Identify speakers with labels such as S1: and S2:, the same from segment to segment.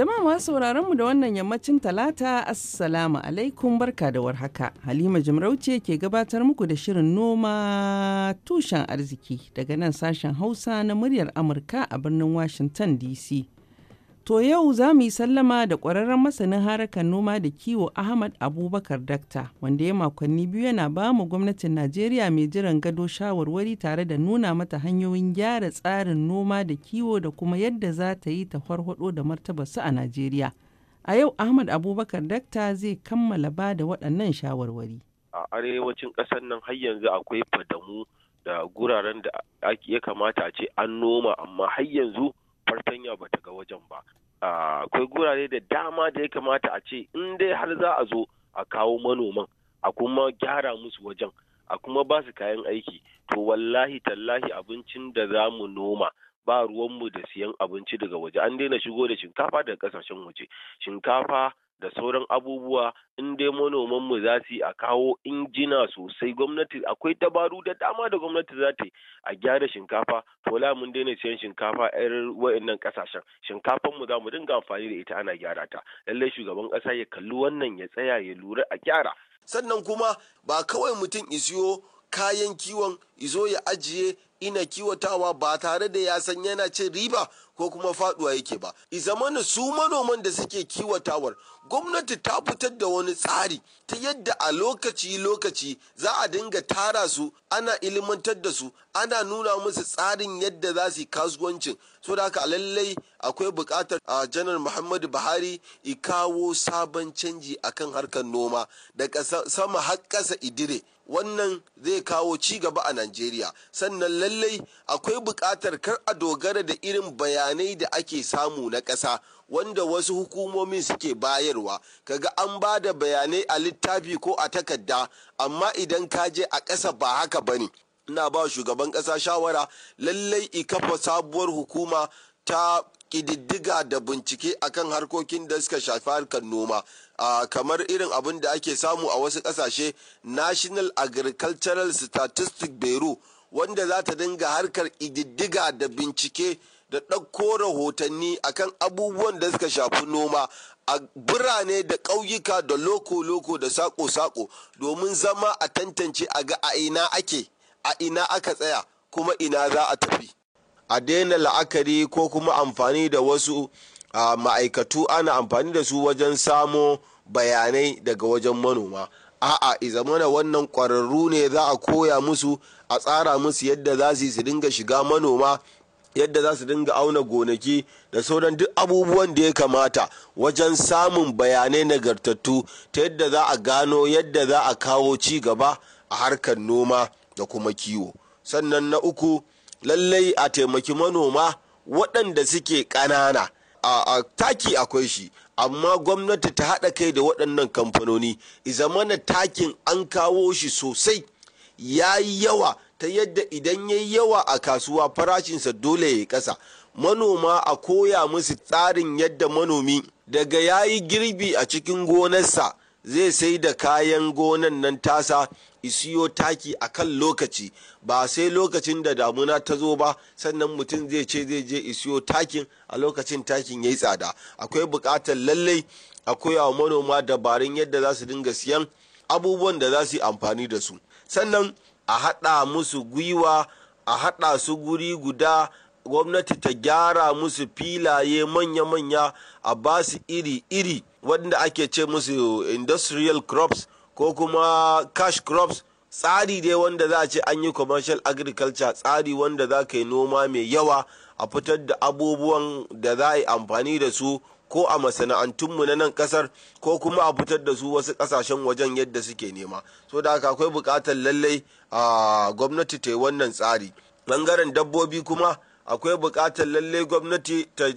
S1: Jama'a masu sauraron mu da wannan yammacin talata assalamu alaikum barka da warhaka. Halima Jimarauce ke gabatar muku da shirin noma tushen arziki daga nan sashen Hausa na muryar Amurka a birnin Washington DC. To yau za mu yi sallama da ƙwararren masanin harkar noma da kiwo Ahmad Abubakar Dakta, wanda ya makonni biyu yana ba mu gwamnatin Najeriya mai jiran gado shawarwari tare da nuna mata hanyoyin gyara tsarin noma da kiwo da kuma yadda za ta yi ta farfaɗo da su a Najeriya. A yau Ahmad Abubakar Dakta zai kammala ba da waɗannan shawarwari.
S2: A arewacin ƙasar nan har yanzu akwai fadamu da guraren da ya kamata a ce an noma amma har yanzu fartanya ba ta ga wajen ba akwai gurare da dama da ya kamata a ce in dai har za a zo a kawo manoman a kuma gyara musu wajen a kuma ba su kayan aiki to wallahi tallahi abincin da za mu noma ba ruwanmu da siyan abinci daga waje an daina shigo da shinkafa daga kasashen waje shinkafa da sauran abubuwa in dai manoman mu za su yi a kawo injina sosai gwamnati akwai dabaru da dama da gwamnati za ta yi a gyara shinkafa to la mun daina siyan shinkafa yar wa'annan kasashen shinkafan mu za mu dinga amfani da ita ana gyara ta lallai shugaban kasa ya kalli wannan ya tsaya ya lura a gyara sannan kuma ba kawai mutum isiyo kayan kiwon izo ya ajiye ina kiwatawa ba tare da ya san yana cin riba ko kuma faduwa yake ba zamanin su manoman da suke kiwatawar gwamnati ta fitar da wani tsari ta yadda a lokaci-lokaci za a dinga tara su ana ilimantar da su ana nuna musu tsarin yadda za su yi kasuwancin so da haka lallai akwai bukatar a ah, janar muhammadu buhari i kawo sabon canji akan harkar noma daga sama har ƙasa idire wannan zai kawo ci gaba a najeriya sannan lallai akwai buƙatar kar a dogara da irin bayanai da ake samu na ƙasa wanda wasu hukumomin suke bayarwa kaga an ba da bayanai a littafi ko a takarda amma idan ka je a ƙasa ba haka ba ne ina ba shugaban ƙasa shawara lallai i kafa sabuwar hukuma ta ƙididdiga da bincike akan harkokin da suka shafi harkar noma Uh, kamar irin abin da ake samu a wasu ƙasashe national agricultural statistics bureau wanda za ta dinga harkar ididdiga da bincike da ɗauko rahotanni akan abubuwan da suka shafi noma a birane da ƙauyuka da loko-loko da sako-sako domin zama a tantance a ga a ina ake a ina aka tsaya kuma ina za a tafi a daina la'akari ko kuma amfani da wasu ah, ma'aikatu ana amfani da su wajen samo bayanai daga wajen manoma a'a i wannan kwararru ne za a koya musu a tsara musu yadda za su su dinga shiga manoma yadda za su dinga auna gonaki da sauran duk abubuwan da ya kamata wajen samun bayanai nagartattu ta yadda za a gano yadda za a kawo ci gaba a harkar noma da kuma kiwo sannan na uku lallai a taimaki manoma waɗanda suke ƙanana a taki akwai shi amma gwamnati ta haɗa kai da waɗannan kamfanoni izamana takin an kawo shi sosai ya yi yawa ta yadda idan ya yi yawa a kasuwa farashinsa dole ya ƙasa manoma a koya musu tsarin yadda manomi daga ya yi girbi a cikin gonarsa zai sai da kayan gonan nan tasa isiyo taki a kan lokaci ba sai lokacin da damuna ta zo ba sannan mutum zai ce zai je isiyo takin a lokacin takin ya yi tsada akwai bukatar lallai akwai wa manoma dabarun yadda za su dinga siyan abubuwan da za su yi amfani da su sannan a haɗa musu gwiwa a haɗa su guri guda gwamnati ta gyara musu filaye manya-manya a basu iri-iri wanda ake ce musu industrial crops ko kuma cash crops tsari dai wanda za a ce an yi commercial agriculture tsari wanda za ka yi noma mai yawa a fitar da abubuwan da za a yi amfani da su ko a masana'antunmu na nan kasar ko kuma a fitar da su wasu kasashen wajen yadda suke nema so da haka akwai bukatar lallai a ah, gwamnati ta yi wannan tsari bangaren dabbobi kuma akwai bukatar lalle gwamnati ta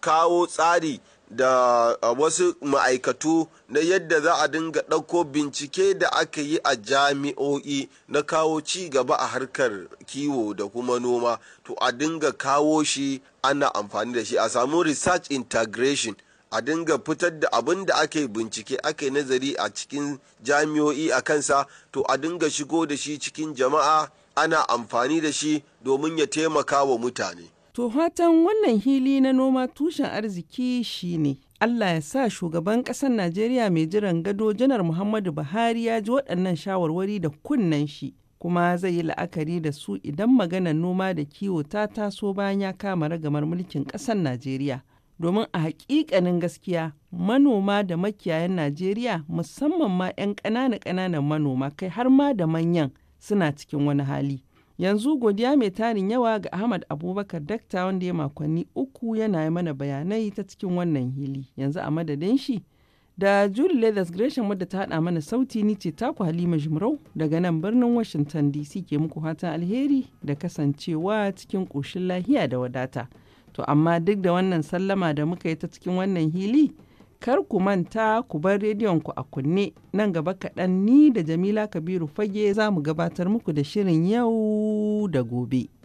S2: kawo tsari da uh, wasu ma'aikatu na yadda za a dinga ɗauko bincike da aka yi a jami'o'i na kawo ci gaba a harkar kiwo da kuma noma to a dinga kawo shi ana amfani da shi a samu research integration a dinga fitar da abin da aka yi bincike aka yi nazari a cikin jami'o'i a kansa to a dinga shigo da shi cikin jama'a ana amfani da shi domin ya taimaka wa mutane.
S1: To fatan wannan hili na noma tushen arziki shi ne. Allah ya sa shugaban ƙasar Najeriya mai jiran gado janar Muhammadu Buhari ya ji waɗannan shawarwari da kunnen shi kuma zai yi la'akari da su idan maganar noma da kiwo ta taso bayan ya kama ragamar mulkin ƙasar Najeriya. domin a haƙiƙanin gaskiya manoma da makiyayan Najeriya musamman ma 'yan ƙanana-ƙananan manoma kai har ma da manyan suna cikin wani hali. Yanzu godiya mai tarin yawa ga Ahmad Abubakar Dakta wanda ya makonni uku yana mana bayanai ta cikin wannan hili. Yanzu a madadin shi da Julie Leathers Gresham wadda ta haɗa mana sauti ni ce taku Halima Jumrau daga nan birnin Washington DC ke muku fatan alheri da kasancewa cikin ƙoshin lahiya da wadata. To amma duk da wannan sallama da muka yi ta cikin wannan hili. Kar ku manta ku bar rediyon ku a kunne nan gaba kaɗan ni da Jamila Kabiru Fage za mu gabatar muku da shirin yau da gobe.